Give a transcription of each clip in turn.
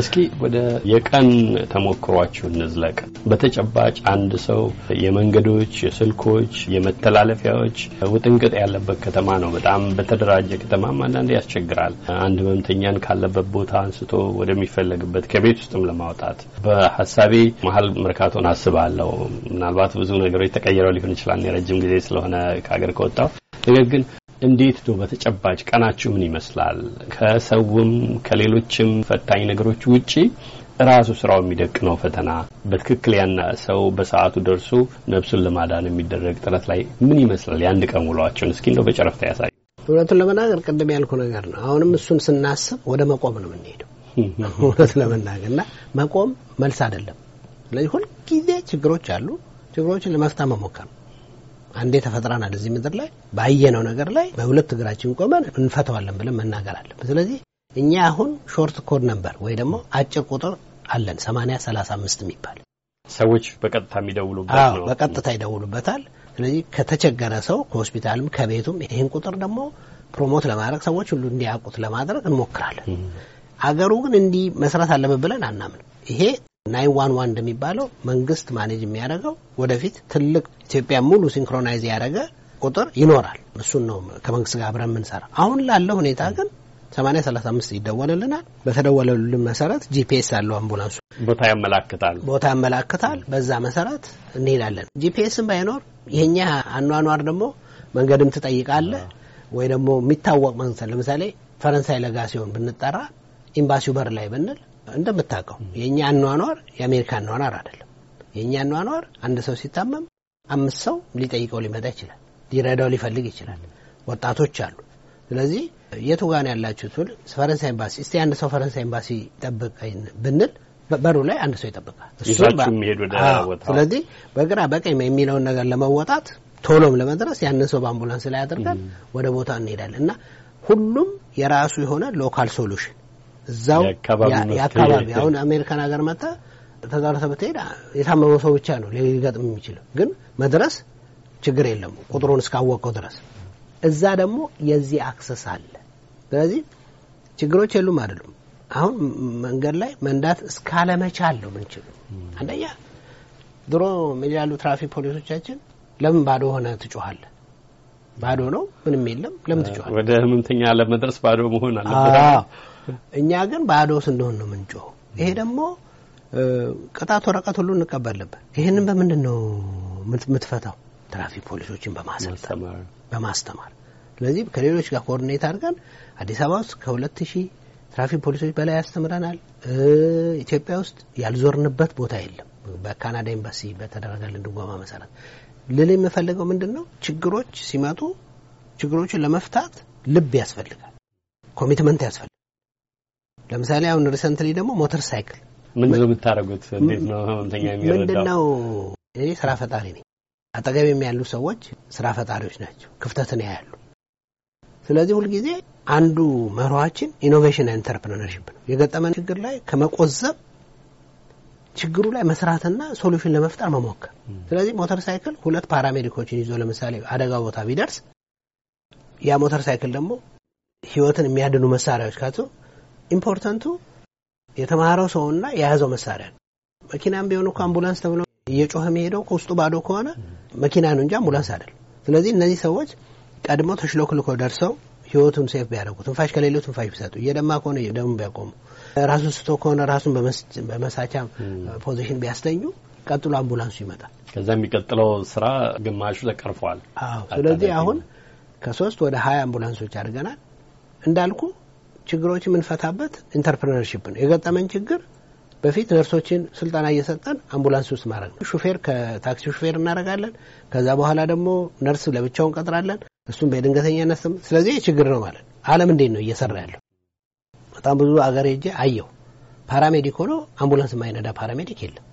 እስኪ ወደ የቀን ተሞክሯችሁ እንዝለቅ። በተጨባጭ አንድ ሰው የመንገዶች፣ የስልኮች፣ የመተላለፊያዎች ውጥንቅጥ ያለበት ከተማ ነው። በጣም በተደራጀ ከተማም አንዳንድ ያስቸግራል። አንድ ህመምተኛን ካለበት ቦታ አንስቶ ወደሚፈለግበት ከቤት ውስጥም ለማውጣት በሀሳቤ መሀል መርካቶን አስባለሁ። ምናልባት ብዙ ነገሮች ተቀይረው ሊሆን ይችላል የረጅም ጊዜ ስለሆነ ከሀገር ከወጣው ነገር ግን እንዴት ዶ በተጨባጭ ቀናችሁ ምን ይመስላል? ከሰውም ከሌሎችም ፈታኝ ነገሮች ውጪ ራሱ ስራው የሚደቅ ነው ፈተና በትክክል ያና ሰው በሰዓቱ ደርሶ ነፍሱን ለማዳን የሚደረግ ጥረት ላይ ምን ይመስላል? የአንድ ቀን ውሏቸውን እስኪ እንደው በጨረፍታ ያሳይ። እውነቱን ለመናገር ቅድም ያልኩ ነገር ነው። አሁንም እሱን ስናስብ ወደ መቆም ነው የምንሄደው። እውነት ለመናገር እና መቆም መልስ አይደለም። ስለዚህ ሁልጊዜ ችግሮች አሉ። ችግሮችን ለመፍታ መሞከር ነው አንዴ ተፈጥረናል እዚህ ምድር ላይ ባየነው ነገር ላይ በሁለት እግራችን ቆመን እንፈተዋለን ብለን መናገር አለን። ስለዚህ እኛ አሁን ሾርት ኮድ ነበር ወይ ደግሞ አጭር ቁጥር አለን 80 35 የሚባል ሰዎች በቀጥታ የሚደውሉበት ነው። በቀጥታ ይደውሉበታል። ስለዚህ ከተቸገረ ሰው ከሆስፒታልም ከቤቱም ይህን ቁጥር ደግሞ ፕሮሞት ለማድረግ ሰዎች ሁሉ እንዲያውቁት ለማድረግ እንሞክራለን። አገሩ ግን እንዲህ መስራት አለበት ብለን አናምን። ይሄ ናይን ዋን ዋን እንደሚባለው መንግስት ማኔጅ የሚያደርገው ወደፊት ትልቅ ኢትዮጵያ ሙሉ ሲንክሮናይዝ ያደረገ ቁጥር ይኖራል። እሱን ነው ከመንግስት ጋር አብረን የምንሰራ። አሁን ላለው ሁኔታ ግን ሰማኒያ ሰላሳ አምስት ይደወልልናል። በተደወለልን መሰረት ጂፒኤስ አለው አምቡላንሱ ቦታ ያመላክታል ቦታ ያመላክታል። በዛ መሰረት እንሄዳለን። ጂፒኤስም ባይኖር የኛ አኗኗር ደግሞ መንገድም ትጠይቃለ ወይ ደግሞ የሚታወቅ መንግስት ለምሳሌ ፈረንሳይ ለጋ ሲሆን ብንጠራ ኤምባሲው በር ላይ ብንል እንደምታውቀው የእኛ አኗኗር የአሜሪካ አኗኗር አይደለም። የእኛ አኗኗር አንድ ሰው ሲታመም አምስት ሰው ሊጠይቀው ሊመጣ ይችላል። ሊረዳው ሊፈልግ ይችላል። ወጣቶች አሉ። ስለዚህ የቱ ጋን ያላችሁት ብል ፈረንሳይ ኤምባሲ፣ እስቲ አንድ ሰው ፈረንሳይ ኤምባሲ ጠብቀኝ ብንል በሩ ላይ አንድ ሰው ይጠብቃል። ስለዚህ በግራ በቀኝ የሚለውን ነገር ለመወጣት ቶሎም ለመድረስ ያንን ሰው በአምቡላንስ ላይ አድርገን ወደ ቦታ እንሄዳለን እና ሁሉም የራሱ የሆነ ሎካል ሶሉሽን እዛው የአካባቢ አሁን አሜሪካን ሀገር መታ ተጋርተ ብትሄድ የታመመው ሰው ብቻ ነው ሊገጥም የሚችለው። ግን መድረስ ችግር የለም ቁጥሩን እስካወቀው ድረስ እዛ ደግሞ የዚህ አክሰስ አለ። ስለዚህ ችግሮች የሉም አይደሉም። አሁን መንገድ ላይ መንዳት እስካለመቻል ነው ምንችሉ። አንደኛ ድሮ ያሉ ትራፊክ ፖሊሶቻችን ለምን ባዶ ሆነ ትጮኋለ? ባዶ ነው ምንም የለም ለምን ትጮኋለ? ወደ ህመምተኛ ለመድረስ ባዶ መሆን አለበት። እኛ ግን ባዶ ስንሆን ነው ምንጮ። ይሄ ደግሞ ቅጣት ወረቀት ሁሉ እንቀበልበት። ነበር። ይህንን በምንድን ነው የምትፈታው? ትራፊክ ፖሊሶችን በማሰልጠን በማስተማር። ስለዚህ ከሌሎች ጋር ኮኦርዲኔት አድርገን አዲስ አበባ ውስጥ ከሁለት ሺህ ትራፊክ ፖሊሶች በላይ ያስተምረናል። ኢትዮጵያ ውስጥ ያልዞርንበት ቦታ የለም። በካናዳ ኤምባሲ በተደረገልን ድጎማ መሰረት ልል የምፈልገው ምንድን ነው ችግሮች ሲመጡ ችግሮችን ለመፍታት ልብ ያስፈልጋል፣ ኮሚትመንት ያስፈልጋል። ለምሳሌ አሁን ሪሰንትሊ ደግሞ ሞተር ሳይክል ምንድን ነው የምታደርጉት? እንዴት ነው ህመምተኛ የሚረዳው? ምንድን ነው እኔ ስራ ፈጣሪ ነኝ። አጠገብም ያሉ ሰዎች ስራ ፈጣሪዎች ናቸው፣ ክፍተትን ያያሉ። ስለዚህ ሁልጊዜ አንዱ መርኋችን ኢኖቬሽን ኤንተርፕረነርሽፕ ነው። የገጠመን ችግር ላይ ከመቆዘብ ችግሩ ላይ መስራትና ሶሉሽን ለመፍጠር መሞከር። ስለዚህ ሞተር ሳይክል ሁለት ፓራሜዲኮችን ይዞ ለምሳሌ አደጋ ቦታ ቢደርስ ያ ሞተር ሳይክል ደግሞ ህይወትን የሚያድኑ መሳሪያዎች ካቶ ኢምፖርታንቱ የተማረው ሰውና የያዘው መሳሪያ ነው። መኪናም ቢሆን እኮ አምቡላንስ ተብሎ እየጮኸ የሚሄደው ከውስጡ ባዶ ከሆነ መኪና ነው እንጂ አምቡላንስ አይደለም። ስለዚህ እነዚህ ሰዎች ቀድሞ ተሽሎክልኮ ደርሰው ህይወቱን ሴፍ ቢያደርጉ፣ ትንፋሽ ከሌለው ትንፋሽ ቢሰጡ፣ እየደማ ከሆነ ደሙን ቢያቆሙ፣ ራሱን ስቶ ከሆነ ራሱን በመሳቻ ፖዚሽን ቢያስተኙ፣ ቀጥሎ አምቡላንሱ ይመጣል። ከዛ የሚቀጥለው ስራ ግማሹ ተቀርፏል። ስለዚህ አሁን ከሶስት ወደ ሀያ አምቡላንሶች አድርገናል እንዳልኩ ችግሮች የምንፈታበት ኢንተርፕርነርሽፕ ነው። የገጠመን ችግር በፊት ነርሶችን ስልጠና እየሰጠን አምቡላንስ ውስጥ ማድረግ ነው። ሹፌር ከታክሲ ሹፌር እናደርጋለን። ከዛ በኋላ ደግሞ ነርስ ለብቻው እንቀጥራለን። እሱም በድንገተኛነት ስም። ስለዚህ ችግር ነው ማለት አለም እንዴት ነው እየሰራ ያለው? በጣም ብዙ አገር ሄጄ አየው ፓራሜዲክ ሆኖ አምቡላንስ የማይነዳ ፓራሜዲክ የለም።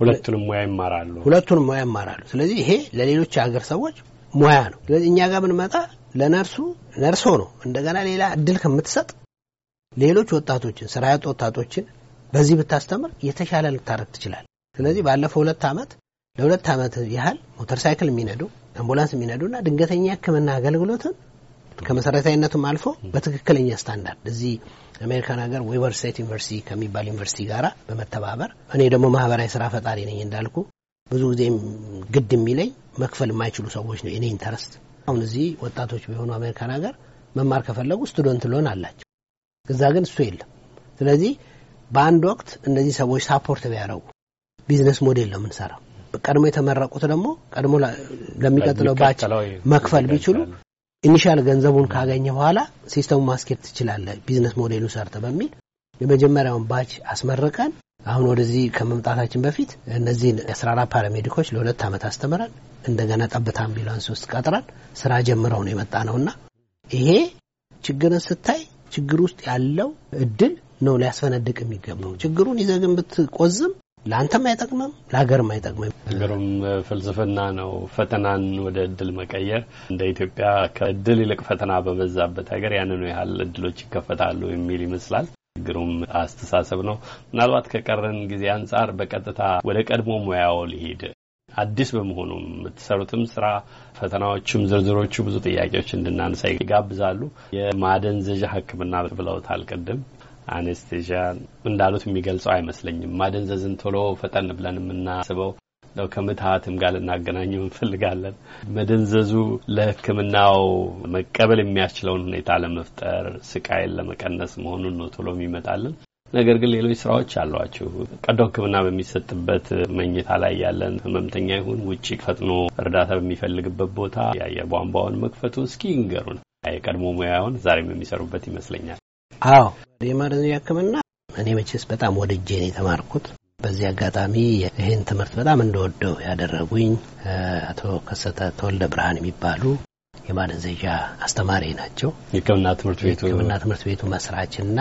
ሁለቱንም ሙያ ይማራሉ። ሁለቱንም ሙያ ይማራሉ። ስለዚህ ይሄ ለሌሎች የሀገር ሰዎች ሙያ ነው። ስለዚህ እኛ ጋር ብንመጣ ለነርሱ ነርሶ ነው እንደገና ሌላ እድል ከምትሰጥ ሌሎች ወጣቶችን ስራ ያጡ ወጣቶችን በዚህ ብታስተምር የተሻለ ልታረግ ትችላል። ስለዚህ ባለፈው ሁለት ዓመት ለሁለት ዓመት ያህል ሞተር ሳይክል የሚነዱ አምቡላንስ የሚነዱና ድንገተኛ ሕክምና አገልግሎትን ከመሰረታዊነቱም አልፎ በትክክለኛ ስታንዳርድ እዚህ አሜሪካን ሀገር ዌቨር ስቴት ዩኒቨርሲቲ ከሚባል ዩኒቨርሲቲ ጋር በመተባበር እኔ ደግሞ ማህበራዊ ስራ ፈጣሪ ነኝ እንዳልኩ ብዙ ጊዜም ግድ የሚለኝ መክፈል የማይችሉ ሰዎች ነው እኔ ኢንተረስት አሁን እዚህ ወጣቶች ቢሆኑ አሜሪካን ሀገር መማር ከፈለጉ ስቱደንት ሎን አላቸው። እዛ ግን እሱ የለም። ስለዚህ በአንድ ወቅት እነዚህ ሰዎች ሳፖርት ቢያደረጉ ቢዝነስ ሞዴል ነው የምንሰራው። ቀድሞ የተመረቁት ደግሞ ቀድሞ ለሚቀጥለው ባች መክፈል ቢችሉ ኢኒሻል ገንዘቡን ካገኘ በኋላ ሲስተሙ ማስኬድ ትችላለህ ቢዝነስ ሞዴሉ ሰርተ በሚል የመጀመሪያውን ባች አስመርቀን አሁን ወደዚህ ከመምጣታችን በፊት እነዚህን አስራ አራት ፓራሜዲኮች ለሁለት ዓመት አስተምረን እንደገና ጠብታ አምቢላንስ ውስጥ ቀጥረን ስራ ጀምረው ነው የመጣ ነውና ይሄ ችግርን ስታይ ችግር ውስጥ ያለው እድል ነው ሊያስፈነድቅ የሚገባው። ችግሩን ይዘህ ግን ብትቆዝም ለአንተም አይጠቅምም፣ ለሀገርም አይጠቅምም። ግሩም ፍልስፍና ነው። ፈተናን ወደ እድል መቀየር እንደ ኢትዮጵያ ከእድል ይልቅ ፈተና በበዛበት ሀገር ያንኑ ያህል እድሎች ይከፈታሉ የሚል ይመስላል። ግሩም አስተሳሰብ ነው። ምናልባት ከቀረን ጊዜ አንጻር በቀጥታ ወደ ቀድሞ ሙያው ሊሄድ አዲስ በመሆኑ የምትሰሩትም ስራ ፈተናዎቹም ዝርዝሮቹ ብዙ ጥያቄዎች እንድናነሳ ይጋብዛሉ። የማደንዘዣ ሕክምና ብለውታል ቅድም አኔስቴዣ እንዳሉት የሚገልጸው አይመስለኝም። ማደንዘዝን ቶሎ ፈጠን ብለን የምናስበው ነው ከምትሀትም ጋር ልናገናኘው እንፈልጋለን። መደንዘዙ ለሕክምናው መቀበል የሚያስችለውን ሁኔታ ለመፍጠር ስቃይን ለመቀነስ መሆኑን ነው ቶሎ የሚመጣልን። ነገር ግን ሌሎች ስራዎች አሏችሁ። ቀዶ ሕክምና በሚሰጥበት መኝታ ላይ ያለን ህመምተኛ ይሁን ውጭ ፈጥኖ እርዳታ በሚፈልግበት ቦታ የአየር ቧንቧውን መክፈቱ እስኪ ይንገሩን። የቀድሞ ሙያውን ዛሬም የሚሰሩበት ይመስለኛል። አዎ የማደንዘዣ ሕክምና እኔ መቼስ በጣም ወድጄ ነው የተማርኩት። በዚህ አጋጣሚ ይህን ትምህርት በጣም እንደወደው ያደረጉኝ አቶ ከሰተ ተወልደ ብርሃን የሚባሉ የማደንዘዣ አስተማሪ ናቸው። የሕክምና ትምህርት ቤቱ የሕክምና ትምህርት ቤቱ መስራችና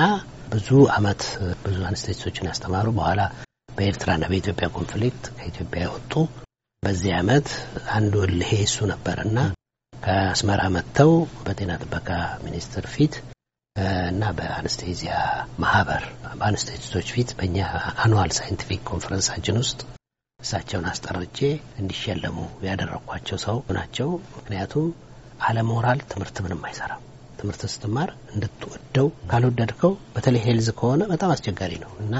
ብዙ አመት ብዙ አንስቴቶችን ያስተማሩ በኋላ በኤርትራና በኢትዮጵያ ኮንፍሊክት ከኢትዮጵያ የወጡ በዚህ አመት አንዱ ልሄ እሱ ነበርና ከአስመራ መጥተው በጤና ጥበቃ ሚኒስትር ፊት እና በአነስቴዚያ ማህበር በአነስቴቲስቶች ፊት በእኛ አኑዋል ሳይንቲፊክ ኮንፈረንሳችን ውስጥ እሳቸውን አስጠርቼ እንዲሸለሙ ያደረግኳቸው ሰው ናቸው። ምክንያቱም አለሞራል ትምህርት ምንም አይሰራም። ትምህርት ስትማር እንድትወደው ካልወደድከው፣ በተለይ ሄልዝ ከሆነ በጣም አስቸጋሪ ነው እና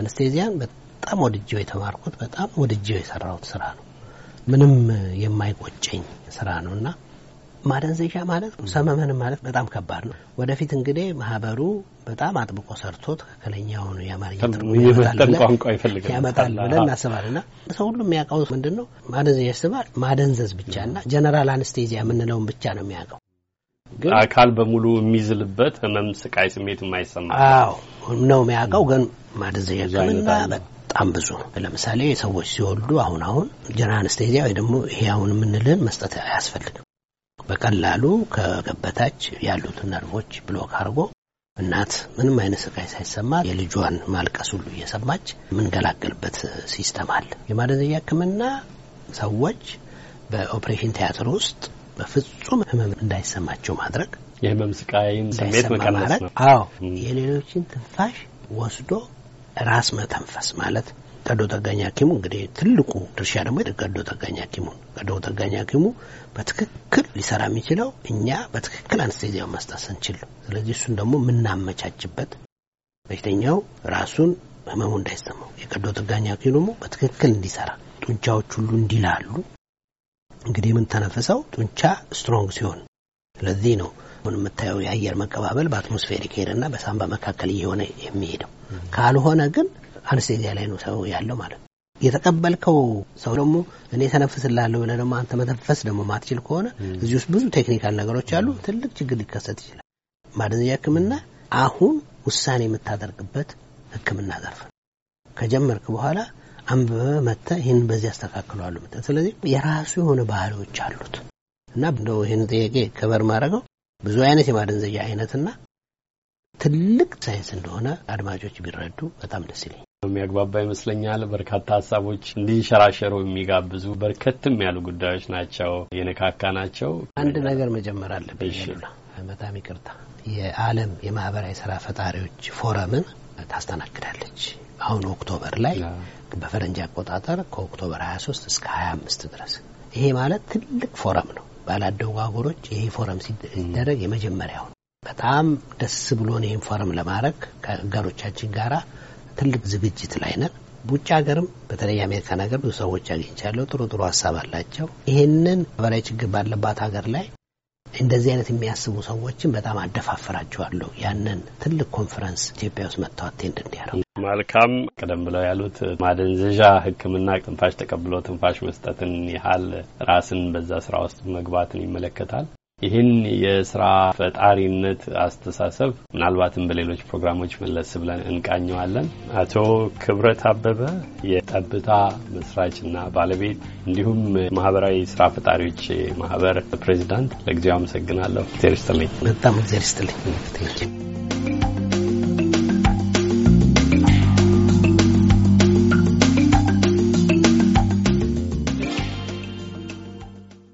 አነስቴዚያን በጣም ወድጄው የተማርኩት በጣም ወድጄው የሰራሁት ስራ ነው። ምንም የማይቆጨኝ ስራ ነው እና ማደንዘዣ ማለት ነው። ሰመመን ማለት በጣም ከባድ ነው። ወደፊት እንግዲህ ማህበሩ በጣም አጥብቆ ሰርቶ ትክክለኛውን የአማርኛ ትርጉም ያመጣል ብለን ና ሰው ሁሉ የሚያውቀው ምንድን ነው ማደንዘዣ ስባል ማደንዘዝ ብቻ ና ጀነራል አንስቴዚያ የምንለውን ብቻ ነው የሚያውቀው አካል በሙሉ የሚዝልበት ህመም፣ ስቃይ ስሜት የማይሰማ አዎ ነው የሚያውቀው። ግን ማደንዘዣ ሕክምና በጣም ብዙ ነው። ለምሳሌ ሰዎች ሲወልዱ አሁን አሁን ጀነራል አንስቴዚያ ወይ ደግሞ ይሄ አሁን የምንልን መስጠት አያስፈልግም። በቀላሉ ከገበታች ያሉት ነርቮች ብሎክ አድርጎ እናት ምንም አይነት ስቃይ ሳይሰማ የልጇን ማልቀስ ሁሉ እየሰማች የምንገላገልበት ሲስተም አለ። የማለዘያ ሕክምና ሰዎች በኦፕሬሽን ቲያትር ውስጥ በፍጹም ህመም እንዳይሰማቸው ማድረግ የህመም ስቃይን ስሜት መቀነስ ነው። አዎ የሌሎችን ትንፋሽ ወስዶ ራስ መተንፈስ ማለት ቀዶ ጠጋኝ ሐኪሙ እንግዲህ ትልቁ ድርሻ ደግሞ ቀዶ ጠጋኝ ሐኪሙ ቀዶ ጠጋኝ ሐኪሙ በትክክል ሊሰራ የሚችለው እኛ በትክክል አንስቴዚያውን መስጠት ስንችል፣ ስለዚህ እሱን ደግሞ የምናመቻችበት በሽተኛው ራሱን ህመሙ እንዳይሰማው የቀዶ ጠጋኝ ሐኪሙ ደግሞ በትክክል እንዲሰራ ጡንቻዎች ሁሉ እንዲላሉ እንግዲህ የምንተነፍሰው ጡንቻ ስትሮንግ ሲሆን ስለዚህ ነው አሁን የምታየው የአየር መቀባበል በአትሞስፌሪክ ሄድና በሳምባ መካከል እየሆነ የሚሄደው ካልሆነ ግን አነስተኛ ላይ ነው ሰው ያለው ማለት ነው። የተቀበልከው ሰው ደግሞ እኔ ተነፍስላለሁ ብለህ ደግሞ አንተ መተንፈስ ደግሞ ማትችል ከሆነ እዚህ ውስጥ ብዙ ቴክኒካል ነገሮች አሉ። ትልቅ ችግር ሊከሰት ይችላል። ማደንዘዣ ሕክምና አሁን ውሳኔ የምታደርግበት ሕክምና ዘርፍ ነው። ከጀመርክ በኋላ አንብበ መተ ይህን በዚህ ያስተካክለዋሉ። ስለዚህ የራሱ የሆነ ባህሪዎች አሉት እና እንደው ይህን ጥያቄ ከበር ማድረገው ብዙ አይነት የማደንዘዣ አይነትና ትልቅ ሳይንስ እንደሆነ አድማጮች ቢረዱ በጣም ደስ ይለኛል። የሚያግባባ ይመስለኛል። በርካታ ሀሳቦች እንዲንሸራሸሩ የሚጋብዙ በርከትም ያሉ ጉዳዮች ናቸው የነካካ ናቸው። አንድ ነገር መጀመር አለብኝ። በጣም ይቅርታ። የዓለም የማህበራዊ ስራ ፈጣሪዎች ፎረምን ታስተናግዳለች። አሁን ኦክቶበር ላይ በፈረንጅ አቆጣጠር ከኦክቶበር 23 እስከ 25 ድረስ ይሄ ማለት ትልቅ ፎረም ነው። ባላደጉ ሀገሮች ይሄ ፎረም ሲደረግ የመጀመሪያው በጣም ደስ ብሎን ይህን ፎረም ለማድረግ ከአጋሮቻችን ጋራ ትልቅ ዝግጅት ላይ ነን። ውጭ ሀገርም በተለይ የአሜሪካን ሀገር ብዙ ሰዎች አግኝቻለሁ። ጥሩ ጥሩ ሀሳብ አላቸው። ይህንን ማህበራዊ ችግር ባለባት ሀገር ላይ እንደዚህ አይነት የሚያስቡ ሰዎችን በጣም አደፋፍራቸዋለሁ። ያንን ትልቅ ኮንፈረንስ ኢትዮጵያ ውስጥ መጥተው አቴንድ መልካም። ቀደም ብለው ያሉት ማደንዘዣ ሕክምና ትንፋሽ ተቀብሎ ትንፋሽ መስጠትን ያህል ራስን በዛ ስራ ውስጥ መግባትን ይመለከታል። ይህን የስራ ፈጣሪነት አስተሳሰብ ምናልባትም በሌሎች ፕሮግራሞች መለስ ብለን እንቃኘዋለን። አቶ ክብረት አበበ የጠብታ መስራችና ባለቤት እንዲሁም ማህበራዊ ስራ ፈጣሪዎች ማህበር ፕሬዚዳንት፣ ለጊዜው አመሰግናለሁ። እግዜር ይስጥልኝ። በጣም እግዜር ይስጥልኝ።